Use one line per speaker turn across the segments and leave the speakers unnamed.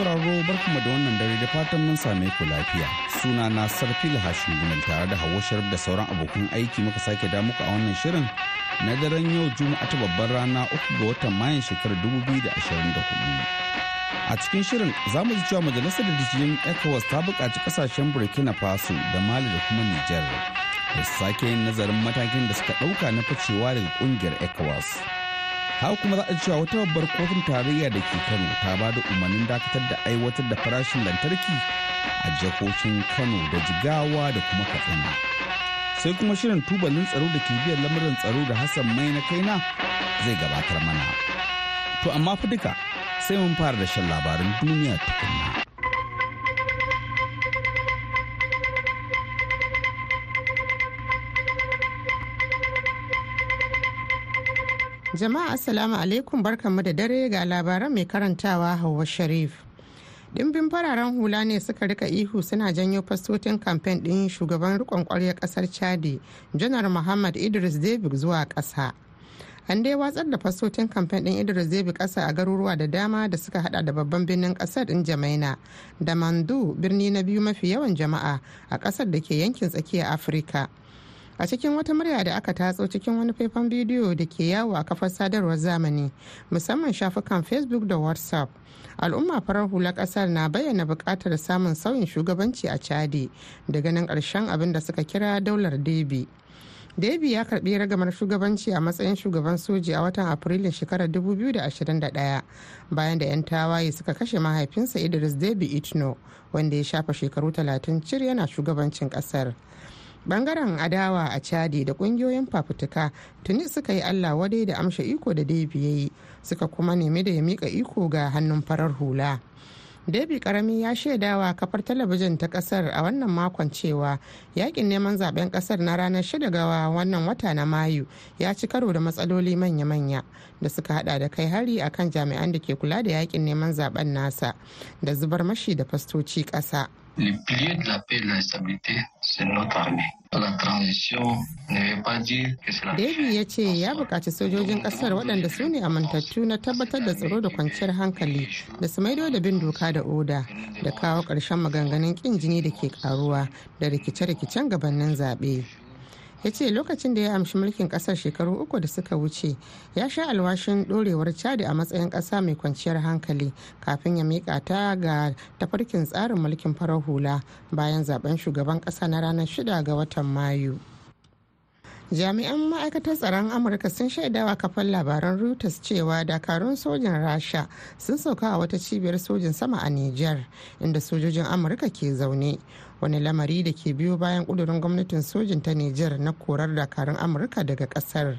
masu raro da wannan dare da fatan mun same ku lafiya suna na sarfi hashin gumal tare da hawa da sauran abokan aiki muka sake da muku a wannan shirin na daren yau juma'a ta babbar rana uku ga watan mayan shekarar 2024 a cikin shirin za mu ji cewa majalisar dattijan ecowas ta buƙaci kasashen burkina faso da mali da kuma nijar da sake yin nazarin matakin da suka ɗauka na ficewa daga ƙungiyar ecowas haka kuma za a cewa wata babbar kofin tarayya da ke kano ta ba da umarnin dakatar da aiwatar da farashin lantarki a jakokin kano da jigawa da kuma katsina sai kuma shirin tubalin tsaro da ke biyan lamarin tsaro da hassan mai na kaina zai gabatar mana to amma fi duka sai mun fara da shan labarin duniya
tukunna
Jama'a Assalamu alaikum barkanmu da dare ga labaran mai karantawa Hauwa Sharif. Dimbin fararen hula ne suka rika ihu suna janyo fasotin kamfen din shugaban rikon ƙwaryar ƙasar Chadi, Janar Muhammad Idris david zuwa kasa An dai watsar da fasotin kamfen din Idris david kasa a garuruwa da dama da suka hada da babban birnin kasar ɗin Jamaina da Mandu birni na biyu mafi yawan jama'a a kasar da ke yankin tsakiyar Afirka. a cikin wata murya da aka tatso cikin wani faifan bidiyo da ke yawo a kafar sadarwar zamani musamman shafukan facebook da whatsapp al'umma farar hula kasar na bayyana bukatar samun sauyin shugabanci a chadi da ganin karshen abin da suka kira daular debi Debi ya karbi ragamar shugabanci a matsayin shugaban soji a watan Afrilun shekarar 2021 bayan da 'yan tawaye suka kashe mahaifinsa Idris Debi Itno wanda ya shafa shekaru 30 cir yana shugabancin kasar. bangaren adawa a chadi da kungiyoyin fafutuka tuni suka yi allah wadai da amsha iko da debi ya yi suka kuma nemi da ya mika iko ga hannun farar hula debi karami ya shaidawa kafar talabijin ta kasar a wannan makon cewa yakin neman zaben kasar na ranar shida ga wannan wata na mayu ya ci karo da matsaloli manya-manya da suka hada da kai hari akan jami'an da ke kula da yakin neman zaben nasa da zubar mashi da fastoci kasa
Le pilier de la paix et de la stabilité, c'est notre
armée. La transition ne veut pas dire que c'est la
Davy ya ce ya buƙaci sojojin ƙasar waɗanda su ne amintattu na tabbatar da tsaro da kwanciyar hankali da su maido da bin doka da oda da kawo ƙarshen maganganun ƙin jini da ke ƙaruwa da rikice-rikicen gabanin zaɓe. ya ce lokacin da ya amshi mulkin kasar shekaru uku da suka wuce ya sha alwashin dorewar chadi a matsayin kasa mai kwanciyar hankali kafin ya miƙa ta ga tafarkin tsarin mulkin farar hula bayan zaben shugaban kasa na ranar shida ga watan mayu jami'an ma'aikatar tsaron amurka sun shaidawa kafan labaran reuters cewa dakarun sojin rasha sun sauka a wata cibiyar sojin sama a niger inda sojojin amurka ke zaune wani lamari da ke biyo bayan ƙudurin gwamnatin sojin ta nijar na korar dakarun amurka daga ƙasar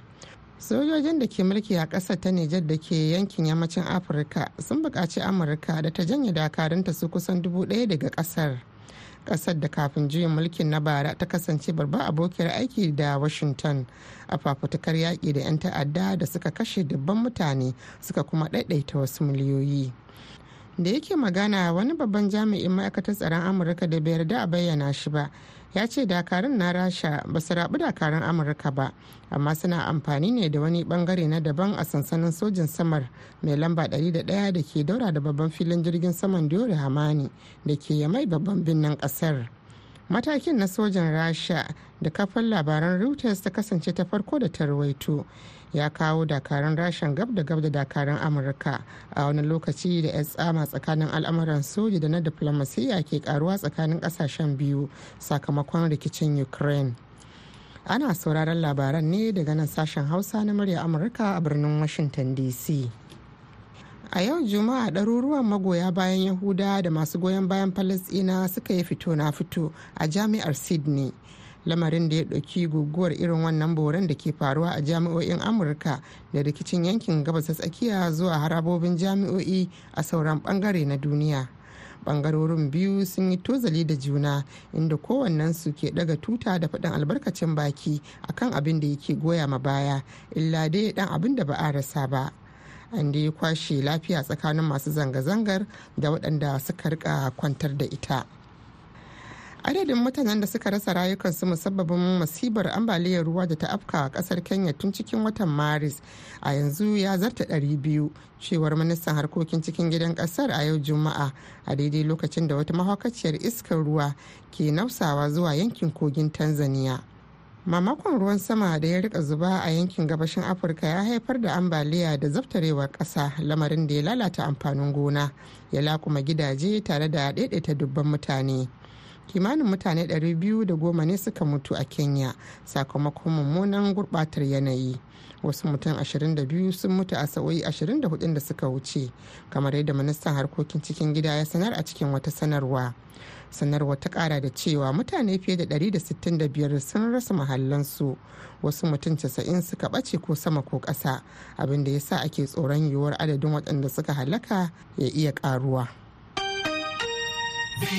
sojojin da ke mulki a ƙasar ta nijar da ke yankin yammacin afirka sun buƙaci amurka da ta janye dakarunta su kusan dubu ɗaya daga ƙasar ƙasar da kafin juyin mulkin na bara ta kasance babbar abokiyar aiki da washington a fafutukar yaƙi da 'yan ta'adda da suka kashe dubban mutane suka kuma ɗaiɗaita wasu miliyoyi da yake magana wani babban jami'in ma'aikatar tsaron amurka da bai yarda a bayyana shi ba ya ce dakarun na rasha ba su rabu dakarun amurka ba amma suna amfani ne da wani bangare na daban a sansanin sojin samar mai lamba 101 da ke daura da babban filin jirgin saman diori hamani da ke yamai babban birnin kasar matakin na sojin rasha da kafin labaran reuters ta kasance ta farko da ta ruwaito ya kawo dakarun rashin gab da gab da dakarun amurka a wani lokaci da ya tsama tsakanin al'amuran soja da na diflomasiyya ke karuwa tsakanin kasashen biyu sakamakon rikicin ukraine ana sauraron labaran ne daga nan sashen hausa na murya amurka a birnin washington dc a yau juma'a ɗaruruwan magoya bayan yahuda da masu goyon bayan falasɗina suka yi fito na fito a jami'ar sydney lamarin da ya ɗauki guguwar irin wannan boran da ke faruwa a jami'o'in amurka da rikicin yankin gabas tsakiya zuwa harabobin jami'o'i a sauran bangare na duniya bangarorin biyu sun yi tozali da juna inda su ke daga tuta da faɗin albarkacin baki akan abin da yake goya ma baya illa dai dan abin da ba a rasa ba an ya kwashe lafiya tsakanin masu zanga-zangar da waɗanda suka rika kwantar da ita adadin mutanen da suka rasa rayukansu musabbabin masibar ambaliyar ruwa da ta afka a kasar kenya tun cikin watan maris a yanzu ya zarta 200 cewar ministan harkokin cikin gidan kasar a yau juma'a a daidai lokacin da wata mahaukaciyar iskar ruwa ke nausawa zuwa yankin kogin tanzania mamakon ruwan sama da ya rika zuba a yankin gabashin afirka ya haifar da ambaliya da zaftarewar kasa lamarin da ya lalata amfanin gona ya lakuma gidaje tare da daidaita dubban mutane kimanin mutane 210 ne suka mutu a kenya sakamakon mummunan gurbatar yanayi wasu mutum 22 sun mutu a sa'o'i 24 da suka wuce kamar yadda ministan harkokin cikin gida ya sanar a cikin wata sanarwa sanarwa ta kara da cewa mutane fiye da 165 sun rasa mahallansu wasu mutum 90 suka ɓace ko sama ko ƙasa abinda ya sa ake tsoron yiwuwar adadin waɗanda suka halaka ya iya ƙaruwa.
Hawa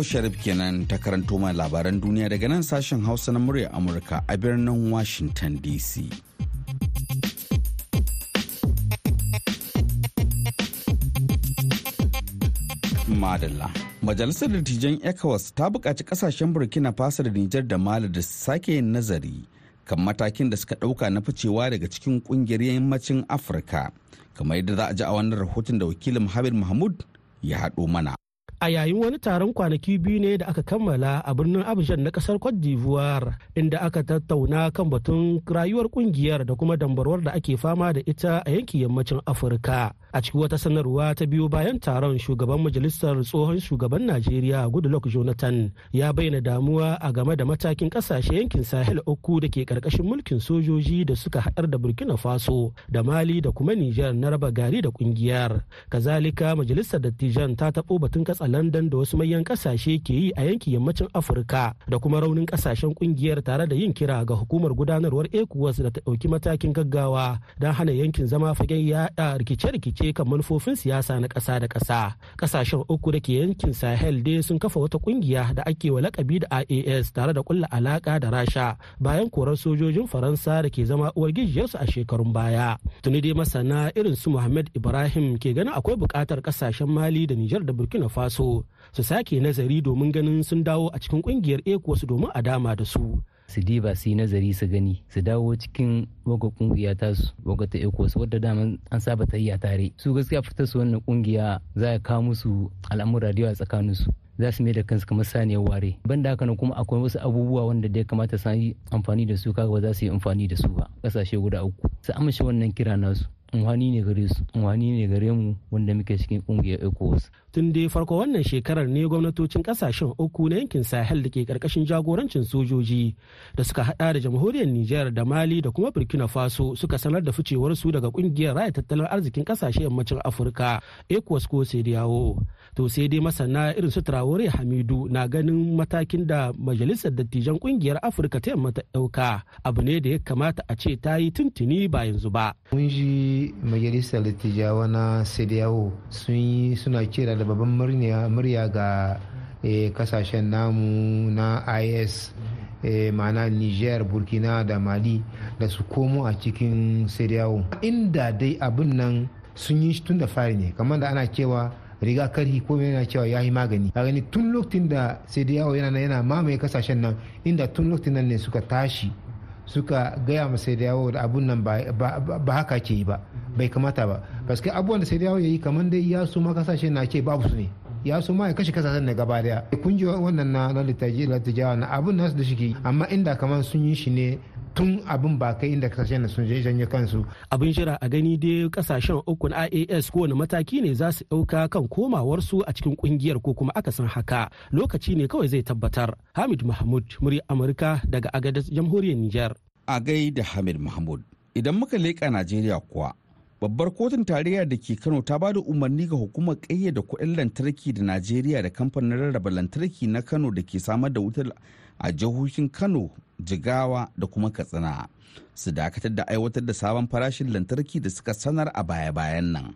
Sharif kenan ta karanto mai labaran duniya daga nan sashen Hausa na murya Amurka a birnin Washington DC. Madalla. Majalisar Dattijan ECOWAS ta buƙaci ƙasashen Burkina Faso da Nijar da Mali da sake yin nazari kan matakin da suka ɗauka na ficewa daga cikin ƙungiyar yammacin Afirka. Kamar yadda za a ji a wannan rahoton da wakilin Habib Mahmud ya haɗo mana.
a yayin wani taron kwanaki biyu ne da aka kammala a birnin abidjan na kasar cote d'ivoire inda aka tattauna kan batun rayuwar kungiyar da kuma dambarwar da ake fama da ita a yankin yammacin afirka a cikin wata sanarwa ta biyo bayan taron shugaban majalisar tsohon shugaban najeriya goodluck jonathan ya bayyana damuwa a game da matakin kasashe yankin sahel uku da ke karkashin mulkin sojoji da suka haɗar da burkina faso da mali da kuma Nijar na raba gari da kungiyar kazalika majalisar dattijan ta taɓo batun katsa london da wasu manyan kasashe ke yi a yankin yammacin afirka da kuma raunin kasashen kungiyar tare da yin kira ga hukumar gudanarwar ecowas da ta ɗauki matakin gaggawa don hana yankin zama fagen yaɗa rikice-rikice kan manufofin siyasa na ƙasa da ƙasa kasashen uku da ke yankin sahel dai sun kafa wata kungiya da ake wa lakabi da ias tare da kulla alaka da rasha bayan korar sojojin faransa da ke zama uwar gijiyarsu a shekarun baya tuni dai masana irin su muhammad ibrahim ke ganin akwai buƙatar ƙasashen mali da nijar da burkina faso so su sake nazari domin ganin sun dawo a cikin kungiyar ecowas domin a dama da su su diba su yi nazari su gani su dawo cikin waga kungiya ta su waga ta ecos wadda dama an saba ta yi a tare su gaskiya fitar su wannan kungiya za a kawo musu al'amura da yawa tsakanin su za su mai da kansu kamar saniyar ware ban da haka kuma akwai wasu abubuwa wanda da ya kamata su yi amfani da su kaga ba za su yi amfani da su ba kasashe guda uku su amince wannan kira nasu wani ne gare su wani ne gare mu wanda muke cikin kungiyar ecowas tun dai farko wannan shekarar ne gwamnatocin kasashen uku na yankin sahel da ke karkashin jagorancin sojoji da suka hada da jamhuriyar nijar da mali da kuma burkina faso suka sanar da ficewar su daga kungiyar raya tattalin arzikin kasashe yammacin afirka ecowas ko sai yawo to sai dai masana irin su traore hamidu na ganin matakin da majalisar dattijan kungiyar afirka ta yamma ta dauka abu ne da ya kamata a ce ta yi tuntuni ba yanzu ba majalisar littijawa na sediyawo sun yi suna kira da babban murya ga eh, kasashen namu na is eh, ma'ana niger burkina da mali da su komo a cikin sediyawo inda dai abin nan sun yi tun da fari ne kamar da ana cewa riga karhi ko yana cewa ya yi magani a gani tun lokacin da sediyawo yana yana mamaye kasashen nan inda tun lokacin nan ne suka tashi suka gaya ma da yawo da abun nan ba haka ke yi ba bai kamata ba paske abubuwan da sai ya yayi kamar dai ya su ma kasashe na ce babu su ne ya su ya kashe kasashen da gaba daya kun wannan na na litajiya na abun nasu da shi amma inda kamar sun yi shi ne tun abin ba kai inda kasashen da sun janye kansu. Abin shira a gani dai kasashen uku na IAS kowane mataki ne za su ɗauka kan komawar su a cikin kungiyar ko kuma akasin haka lokaci ne kawai zai
tabbatar. Hamid Mahmud murya Amurka daga Agadez jamhuriyar Nijar. A gai da Hamid Mahmud idan muka leƙa Najeriya kuwa babbar kotun tarayya da ke kano ta ba da umarni ga hukumar da kuɗin lantarki da najeriya da kamfanin rarraba lantarki na kano da ke samar da wutar a jihohin kano jigawa da kuma katsina su dakatar da aiwatar da sabon farashin lantarki da suka sanar a baya-bayan nan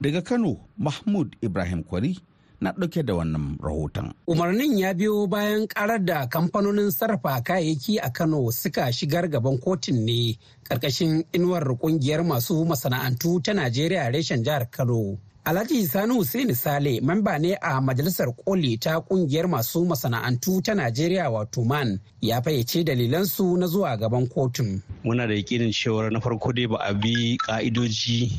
daga kano mahmud ibrahim kwari na ɗauke da wannan rahoton. Umarnin ya
biyo bayan karar da kamfanonin sarrafa kayayyaki a Kano suka shigar gaban kotun ne ƙarƙashin inuwar ƙungiyar masu masana'antu ta Najeriya reshen jihar Kano. Alhaji Sani Hussein Sale mamba ne a Majalisar Koli ta kungiyar masu masana'antu ta Najeriya wato MAN ya fayyace dalilansu na zuwa gaban kotun.
Muna da yakinin cewa na farko dai ba a bi ka'idoji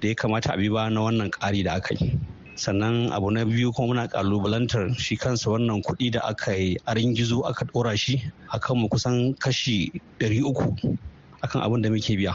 da ya kamata a bi ba na wannan ƙari da aka yi. sannan abu na biyu kuma muna kalubalantar shi kansa wannan kuɗi da aka yi a ringizo aka ɗora shi a mu kusan kashi 300 akan abin da muke biya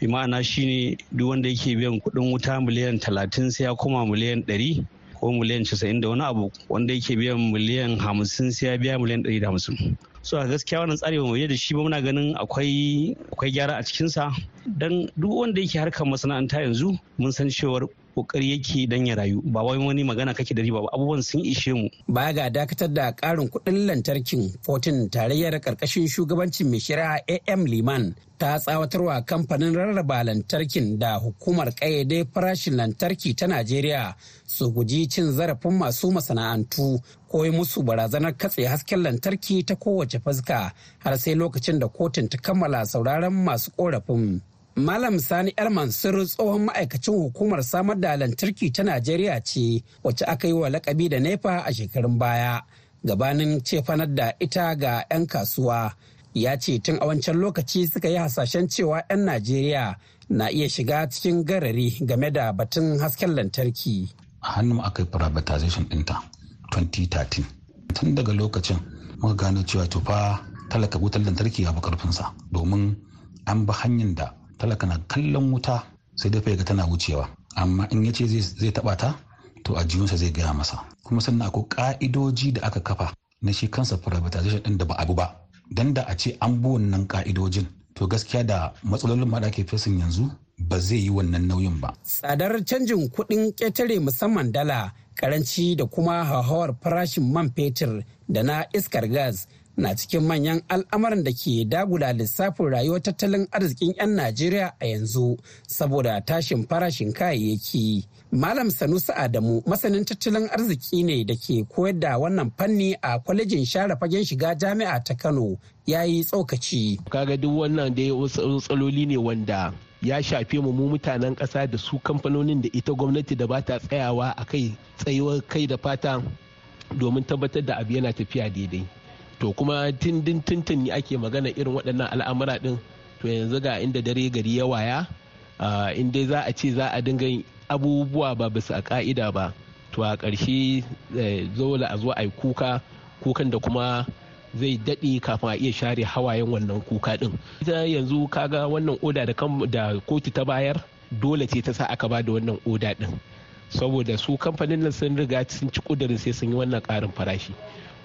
bi ma'ana ne duk wanda yake biyan kuɗin wuta miliyan 30 sai ya koma miliyan 100 ko miliyan 90 da wani abu wanda yake biyan miliyan 50 sai ya biya miliyan 150 so a gaskiya wannan tsari ba mu da shi ba muna ganin akwai akwai gyara a cikinsa don duk wanda yake harkar masana'anta yanzu mun san cewar
kokari yake dan ya rayu ba wai wani magana kake da riba ba abubuwan sun ishe mu baya ga dakatar da karin kuɗin lantarkin 14 tarayyar karkashin shugabancin mai shari'a am liman ta tsawatarwa kamfanin rarraba lantarkin da hukumar kayyade farashin lantarki ta najeriya su guji cin zarafin masu masana'antu ko yi musu barazanar katse hasken lantarki ta kowace fuska har sai lokacin da kotun ta kammala sauraron masu korafin Malam Sani ‘yar Mansur tsohon ma'aikacin hukumar samar da lantarki ta Najeriya ce wacce aka yi wa lakabi da nefa a shekarun baya gabanin cefanar da ita ga 'yan kasuwa. Ya ce tun a wancan lokaci suka yi hasashen cewa 'yan Najeriya na iya shiga cikin garari game da batun hasken
lantarki. A hannun aka yi privatization ɗinta 2013. Tun daga lokacin muka gano cewa tufa talaka wutar lantarki ya fi karfinsa domin an bi hanyar da talaka na kallon wuta sai dafa ga tana wucewa amma in ya ce zai taba ta to a jiyunsa zai gaya masa kuma sannan akwai ka'idoji da aka kafa na shi kansa privatization ɗin da ba abu ba dan da a ce an bi wannan ka'idojin to gaskiya da matsalolin ma da ake fesin yanzu ba zai yi wannan nauyin ba. Tsadar canjin
kuɗin ƙetare musamman dala, karanci da kuma hauhawar farashin man fetur da na iskar gas na cikin manyan al'amuran da ke dagula lissafin rayuwar tattalin arzikin 'yan Najeriya a yanzu saboda tashin farashin kayayyaki. Malam Sanusi Adamu masanin tattalin arziki ne da ke koyar da wannan fanni a kwalejin share fagen shiga jami'a ta Kano ya yi tsokaci. Kaga duk wannan da ya tsaloli ne wanda ya shafe mu mu mutanen ƙasa da su kamfanonin da ita gwamnati da ba ta tsayawa a kai tsayuwar kai da fata domin tabbatar da abu yana tafiya daidai. to kuma tindin tintin ake magana irin waɗannan al'amura ɗin to yanzu ga inda dare gari ya waya in dai za a ce za a dinga abubuwa ba bisa ka'ida ba to a ƙarshe zola eh, a zo a yi kuka kukan da kuma zai daɗe kafin a iya share hawayen wannan kuka ɗin ita yanzu kaga wannan oda da kotu ta bayar dole ce ta sa aka ba da wannan oda ɗin saboda su kamfanin nan sun riga sun ci kudirin sai sun yi wannan ƙarin farashi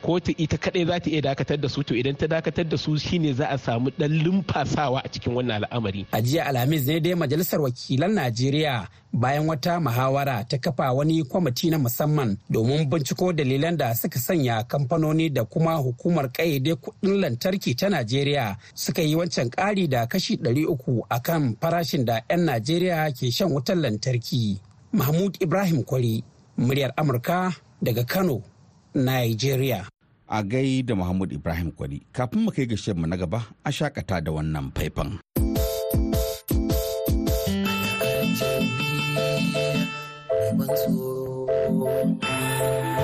kotu ita kadai za ta iya dakatar da su to idan ta dakatar da su shine za a samu dan lumfasawa a cikin wannan al'amari a jiya alhamis ne dai majalisar wakilan najeriya bayan wata muhawara ta kafa wani kwamiti na musamman domin binciko dalilan da suka sanya kamfanoni da kuma hukumar kayyade kudin lantarki ta najeriya suka yi wancan ƙari da kashi ɗari 300 akan farashin da 'yan najeriya ke shan wutar lantarki mahmud
ibrahim kwari muryar amurka daga kano Nigeria. A gai da Muhammad Ibrahim Kwari, kafin mu kai ga mu na gaba a shakata da wannan faifan. Thank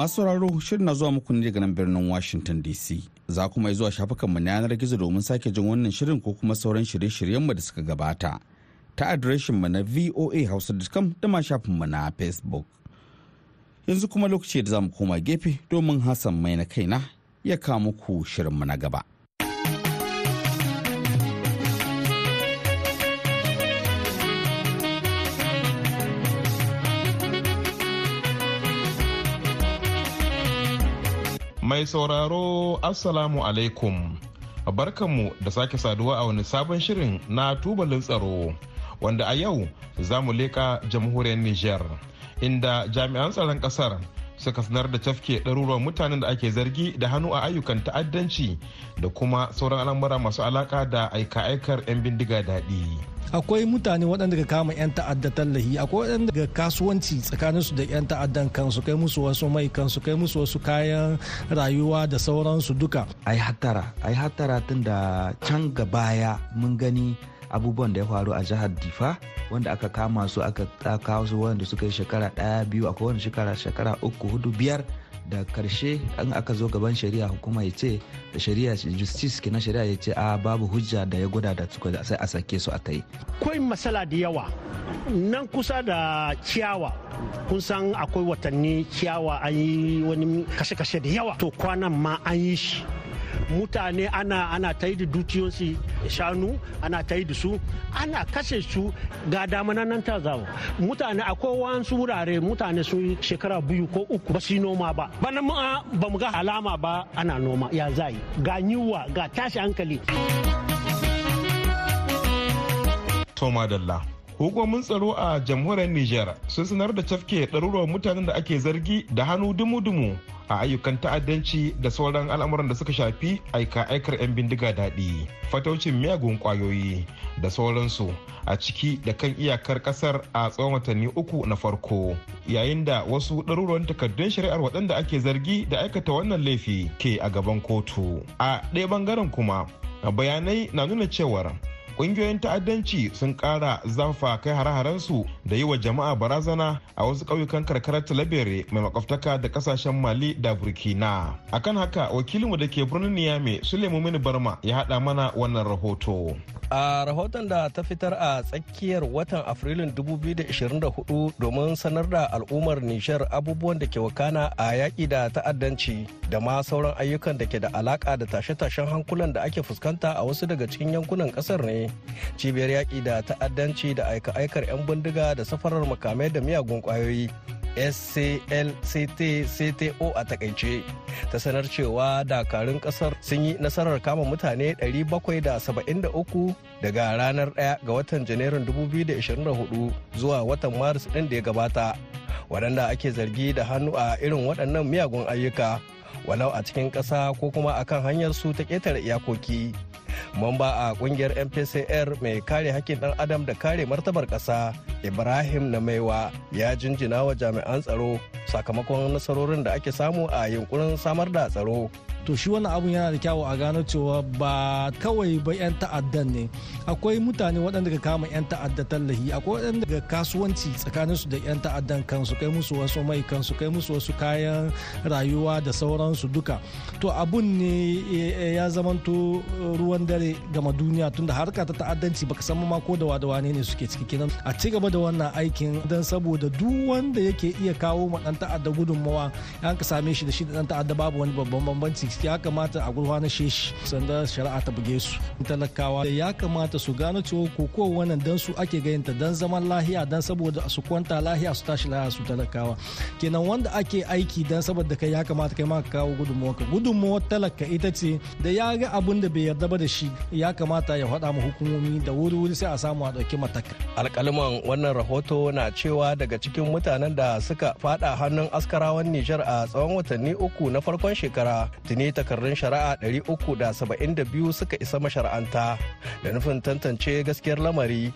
masu sauraro shirin na zuwa muku ne daga nan birnin Washington DC. Za kuma zuwa shafukanmu na yanar gizo domin sake jin wannan shirin ko kuma sauran shirye-shiryenmu da suka gabata. Ta adireshinmu na voahouse.com da ma shafinmu na Facebook. Yanzu kuma lokaci da za mu koma gefe domin Hassan mai na kaina ya kawo muku shirinmu na gaba.
Mai sauraro Assalamu alaikum. Barkanmu da sake saduwa a wani sabon shirin na tubalin tsaro wanda a yau za mu leƙa jamhuriyar Nijar inda jami'an tsaron ƙasar suka sanar da tafke ɗaruruwan mutanen da ake zargi da hannu a ayyukan ta'addanci da kuma sauran al'amura masu alaka da aika-aikar 'yan bindiga daɗi.
akwai mutane waɗanda ka kama 'yan ta'adda tallahi akwai waɗanda ga kasuwanci tsakanin su da 'yan ta'addan kansu kai musu wasu mai kansu kai musu wasu kayan rayuwa da sauransu duka ai hattara ai hattara tun da can gabaya mun gani
abubuwan da ya faru a jihar difa wanda aka kama su aka kawo su wanda suka yi shekara ɗaya biyu akwai wani shekara shekara uku hudu biyar da karshe an aka zo gaban shari'a hukuma ya ce da shari'a justice kina shari'a ya ce a babu hujja da ya gwada da suka sai a sake su a ta yi.
Kwai masala da yawa nan kusa da ciyawa kun san akwai watanni ciyawa an yi wani kashe-kashe da yawa to kwanan ma an yi shi mutane ana ana ta yi da dukiyoyinsu shanu ana ta yi da su ana kashe su ga damana nan ta zawo mutane akwai wasu wurare mutane sun shekara biyu ko uku ba su noma ba bana mu ba mu ga alama ba ana noma ya zai ga yiwa ga tashi hankali
Toma Dalla. Hukumomin tsaro a jamhuriyar Nijar sun sanar da cafke ɗaruruwan mutanen da ake zargi da hannu dumu-dumu a ayyukan ta'addanci da sauran al'amuran da suka shafi aika-aikar 'yan bindiga daɗi fataucin miyagun ƙwayoyi da sauransu a ciki da kan iyakar ƙasar a tsawon watanni uku na farko yayin da wasu ɗaruruwan takardun shari'ar waɗanda ake zargi da aikata wannan laifi ke a gaban kotu a ɗaya bangaren kuma bayanai na nuna cewar kungiyoyin ta'addanci sun kara zafa kai hare-harensu da yi wa jama'a barazana a wasu ƙauyukan karkarar talabere mai makwabtaka da kasashen mali da burkina akan haka wakilinmu da ke birnin niamey mini barma ya haɗa mana wannan rahoto
a rahoton da ta fitar a tsakiyar watan afrilun 2024 domin sanar da al'ummar nishar abubuwan da ke wakana a yaƙi da ta'addanci da ma sauran ayyukan da ke da alaƙa da tashe-tashen hankulan da ake fuskanta a wasu daga cikin yankunan ƙasar ne cibiyar yaƙi da ta'addanci da aika-aikar 'yan bindiga da safarar makamai da miyagun ƙwayoyi sclctcto a takaice ta sanar cewa dakarun kasar sun yi nasarar kama mutane 773 daga ranar 1 ga watan janairun 2024 zuwa watan maris ɗin da ya gabata waɗanda ake zargi da hannu a irin waɗannan miyagun ayyuka walau a cikin ƙasa ko kuma a kan hanyar su ta ƙetare iyakoki mamba a ƙungiyar mpcr mai kare hakkin ɗan adam da kare martabar ƙasa ibrahim na maiwa ya jinjina wa jami'an tsaro sakamakon nasarorin da ake samu a yunkurin samar da tsaro to
shi wannan abun yana da kyawu a gano cewa ba kawai ba 'yan ta'addan ne akwai mutane waɗanda ka kama 'yan ta'adda tallahi akwai waɗanda ga kasuwanci tsakanin su da 'yan ta'addan kansu kai musu wasu mai kansu kai musu wasu kayan rayuwa da sauransu duka to abun ne eh, ya zamanto ruwan dare gama duniya tunda harka ta ta'addanci baka san ma ko da wada wane ne suke ciki kenan a ci gaba da wannan aikin dan saboda duk wanda yake iya kawo ma dan ta'adda gudunmawa an ka same shi da shi da dan ta'adda babu wani babban bambanci ya kamata a na shi sanda shari'a ta buge su talakawa ya kamata su gano cewa koko wannan dan su ake ganyanta dan zaman lahiya dan saboda su kwanta lahiya su tashi lahiya su talakawa kenan wanda ake aiki dan saboda kai ya kamata kai ma ka kawo gudunmuwa ka gudunmuwa talaka ita ce da ya ga abun da bai yarda ba da shi ya kamata ya faɗa ma hukumomi da wuri wuri sai a samu a ɗauki mataka
alƙalman wannan rahoto na cewa daga cikin mutanen da suka fada hannun askarawan Nijar a tsawon watanni uku na farkon shekara tuni ne takardun shari'a 372 suka isa mashara'anta da nufin tantance gaskiyar lamari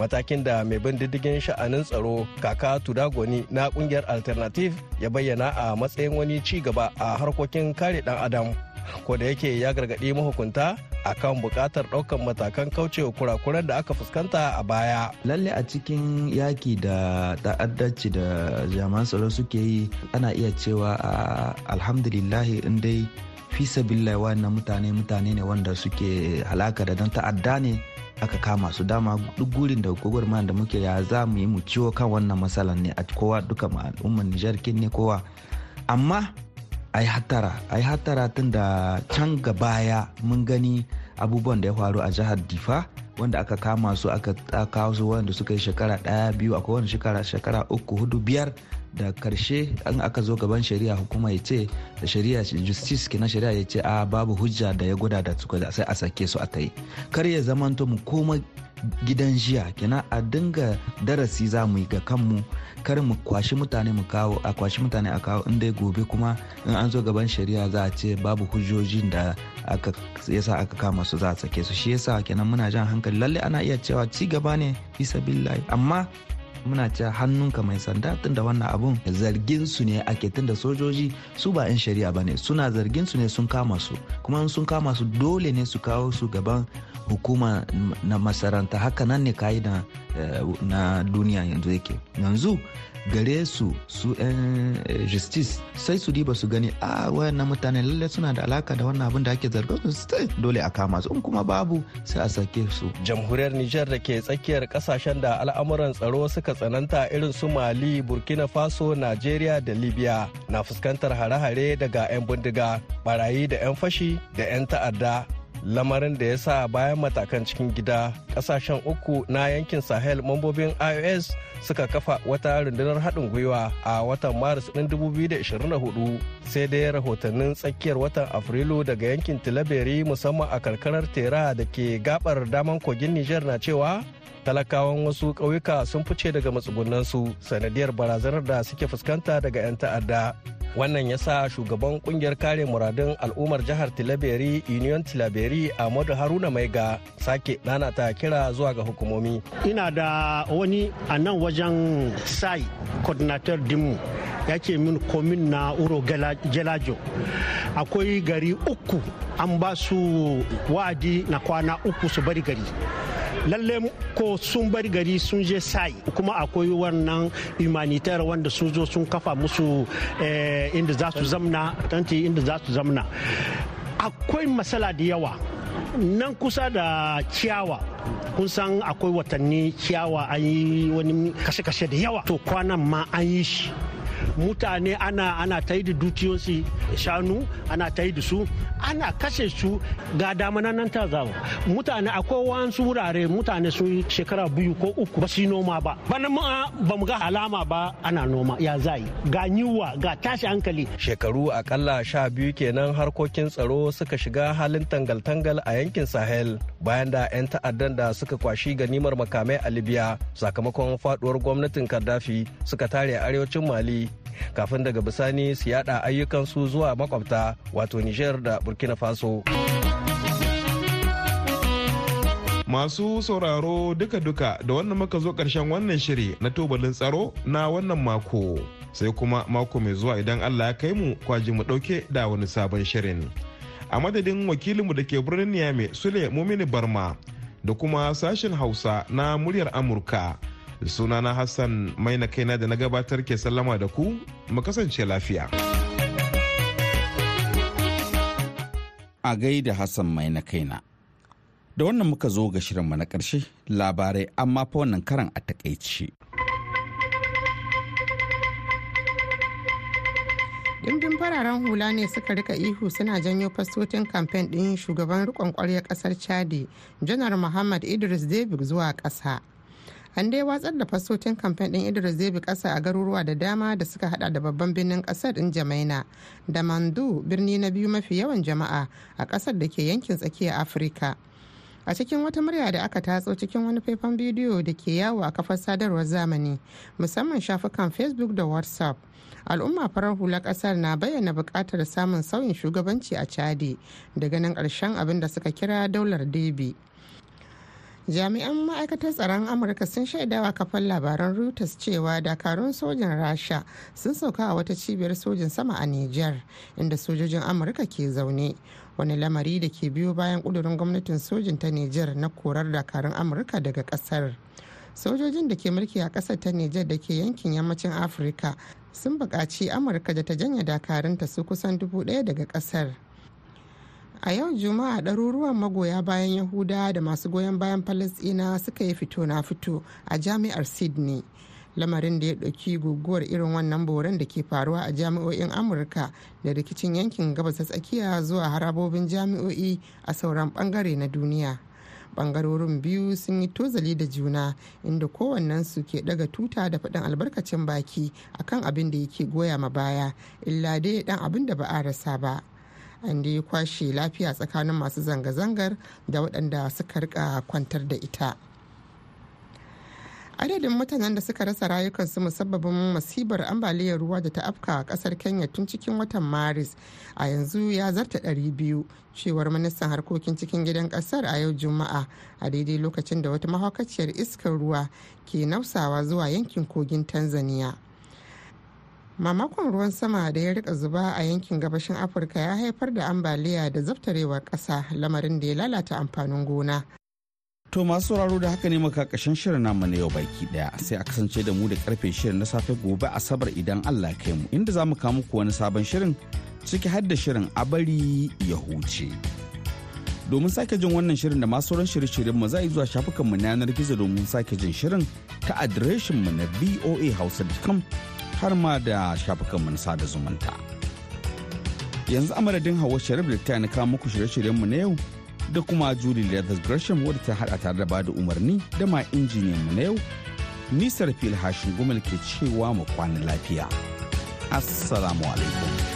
matakin da mai bin diddigin sha'anin tsaro kaka tudagoni na kungiyar alternative ya bayyana a matsayin wani ci gaba a harkokin kare dan adam ko da yake ya gargaɗi mahukunta akan buƙatar ɗaukar matakan kaucewa kurakuran da aka fuskanta a baya.
Lalle a cikin yaki da ta'addaci da jaman tsaro suke yi ana iya cewa a alhamdulillahi in dai fisa billahi wannan mutane mutane ne wanda suke halaka da don ta'adda ne aka kama su dama duk gurin da gogor man da muke ya za mu yi mu ciwo kan wannan matsalan ne a kowa duka al'umman Nijar kin ne kowa amma ai hatara ai hatara tun da can baya mun gani abubuwan da ya faru a jihar difa wanda aka kama su aka kawo su wanda suka yi shekara ɗaya biyu akwai wani shekara shekara uku hudu biyar da karshe an aka zo gaban shari'a hukuma ya ce da shari'a justice kenan shari'a ya ce a ah, babu hujja da ya gwada da suka sai a sake su a ta yi kar ya zamanta mu komai gidan jiya kina a dinga darasi za mu yi ga kanmu kar mu kwashi mutane mu kawo a kwashi mutane a kawo inda ya gobe kuma in an zo gaban shari'a za a ce babu hujjojin da aka yasa aka kama su za a sake su shi yasa kenan muna jan hankali lalle ana iya cewa ci gaba ne bisa billahi amma muna cewa hannunka mai sanda tunda wannan abun zargin su ne ake tunda sojoji su ba 'yan shari'a ba ne suna zargin su ne sun kama su kuma in sun kama su dole ne su kawo su gaban hukuma na masaranta haka nan ne kayi eh, na duniya yanzu yake yanzu gare su su 'yan eh, justice sai su diba su gani a ah, na mutane lalle suna da alaka da wannan abin da ake zargin su dole a kama su in kuma babu sai a sake su
jamhuriyar niger da ke tsakiyar kasashen da al'amuran tsaro suka tsananta irin su mali burkina faso nigeria da libya na fuskantar hare-hare daga 'yan bindiga barayi da 'yan fashi da 'yan ta'adda lamarin da ya sa bayan matakan cikin gida kasashen uku na yankin sahel mambobin ios suka kafa wata rundunar haɗin gwiwa a watan maris ɗin 2024 sai dai rahotannin tsakiyar watan afrilu daga yankin tilaberi musamman a karkarar tera da ke gabar daman kogin niger na cewa talakawan wasu ƙauyuka sun fice daga matsugunansu sanadiyar barazanar da suke fuskanta daga 'yan ta'adda wannan ya sa shugaban kungiyar kare muradun al'ummar jihar tilaberi union tilaberi ahmadu haruna maiga sake ta kira zuwa ga hukumomi
ina da wani a nan wajen sai coordinator dimu ya ce min komin na uro gelajo akwai gari uku an ba su wa'adi na kwana uku su bari gari lalle ko sun bar gari sun je sai kuma akwai wannan imanitar wanda sun zo sun kafa musu eh, inda za su zamna tanti inda za su zamna akwai matsala da yawa nan kusa da ciyawa kun san akwai watanni ciyawa an yi wani kashe-kashe da yawa to kwanan ma an yi shi mutane ana ana ta yi da dukiyoyi shanu ana ta yi da su ana kashe su ga damana nan ta zama mutane akwai wasu wurare mutane su shekara biyu ko uku ba su noma ba bana ma ba mu ga alama ba ana noma ya
zai ga yiwa ga tashi hankali shekaru akalla sha biyu kenan harkokin tsaro suka shiga halin tangal-tangal a yankin sahel bayan da 'yan ta'addan da suka kwashi ganimar makamai a libya sakamakon faduwar gwamnatin kaddafi suka tare arewacin mali kafin daga bisani su yada ayyukansu zuwa makwabta wato Nijar da
Burkina Faso. Masu sauraro duka-duka da wannan muka zo ƙarshen wannan shiri na tubalin tsaro na wannan mako. Sai kuma mako mai zuwa idan Allah ya kai mu kwaji mu ɗauke da wani sabon shirin. A madadin wakilinmu da ke birnin Niamey Sule Mumini Barma da kuma sashen Hausa na muryar Amurka. sunana hassan maina kaina da na gabatar ke sallama da ku mu kasance lafiya
a gaida hassan maina kaina da wannan muka zo ga shirinmu na ƙarshe labarai amma fa wannan karan a takaice
dimbin fararen hula ne suka rika ihu suna janyo fasotin kamfen ɗin shugaban rikon ƙwarya ƙasar chadi janar muhammad idris david zuwa ƙasa an dai watsar da fasotin kamfen ɗin idris zebi ƙasa a garuruwa da dama da suka hada da babban birnin ƙasar ɗin jamaina da mandu birni na biyu mafi yawan jama'a a ƙasar da ke yankin tsakiyar afirka a cikin wata murya da aka tatso cikin wani faifan bidiyo da ke yawo a kafar sadarwar zamani musamman shafukan facebook da whatsapp al'umma farar hula kasar na bayyana buƙatar samun sauyin shugabanci a chadi da ganin ƙarshen abin da suka kira daular debi jami'an ma'aikatar tsaron amurka sun shaidawa kafan labaran reuters cewa dakarun sojin rasha sun sauka a wata cibiyar sojin sama a niger inda sojojin amurka ke zaune wani lamari da ke biyo bayan kudurin gwamnatin sojin ta niger na korar dakarun amurka daga kasar sojojin da ke mulki a kasar ta niger da ke yankin yammacin afirka sun bukaci amurka da ta janye dakarunta su kusan dubu ɗaya daga kasar a yau juma'a ɗaruruwan magoya bayan yahuda da masu goyon bayan falasɗina suka yi fito na fito a jami'ar sydney lamarin da ya ɗauki guguwar irin wannan boran da ke faruwa a jami'o'in amurka da rikicin yankin gabas ta tsakiya zuwa harabobin jami'o'i a sauran ɓangare na duniya bangarorin biyu sun yi tozali da juna inda kowannensu ke ɗaga tuta da faɗin albarkacin baki akan abin da yake goya ma baya illa dai ɗan abin da ba a rasa ba an ya kwashe lafiya tsakanin masu zanga-zangar da waɗanda suka rika kwantar da ita adadin mutanen da suka rasa rayukansu musabbabin masibar ambaliyar ruwa da ta afka a kasar kenya tun cikin watan maris a yanzu ya zarta 200 cewar ministan harkokin cikin gidan kasar a yau juma'a a daidai lokacin da wata mahaukaciyar iskar ruwa ke nausawa zuwa yankin kogin tanzania mamakon ruwan sama da ya rika zuba a yankin gabashin afirka ya haifar da ambaliya da zaftarewar kasa lamarin da ya lalata amfanin gona to masu sauraro da haka
ne kashin shirin namu na yau baki daya sai a kasance da mu da karfe shirin na safe gobe asabar idan allah kai mu inda za mu kawo muku wani sabon shirin ciki har da shirin bari ya huce domin sake jin wannan shirin da masu sauran shirye-shiryen mu za a yi zuwa shafukanmu na yanar gizo domin sake jin shirin ta adireshin mu na voahausa.com har ma da shafukanmu na sada zumunta. Yanzu amadadin Hauwa Sharif da ta kawo muku shirye-shiryenmu na yau da kuma Julie Leathers Gresham wadda ta haɗa tare da bada umarni da ma injiniyan mu na yau. Nisar fil hashin gumel ke cewa mu kwana lafiya. Assalamu alaikum.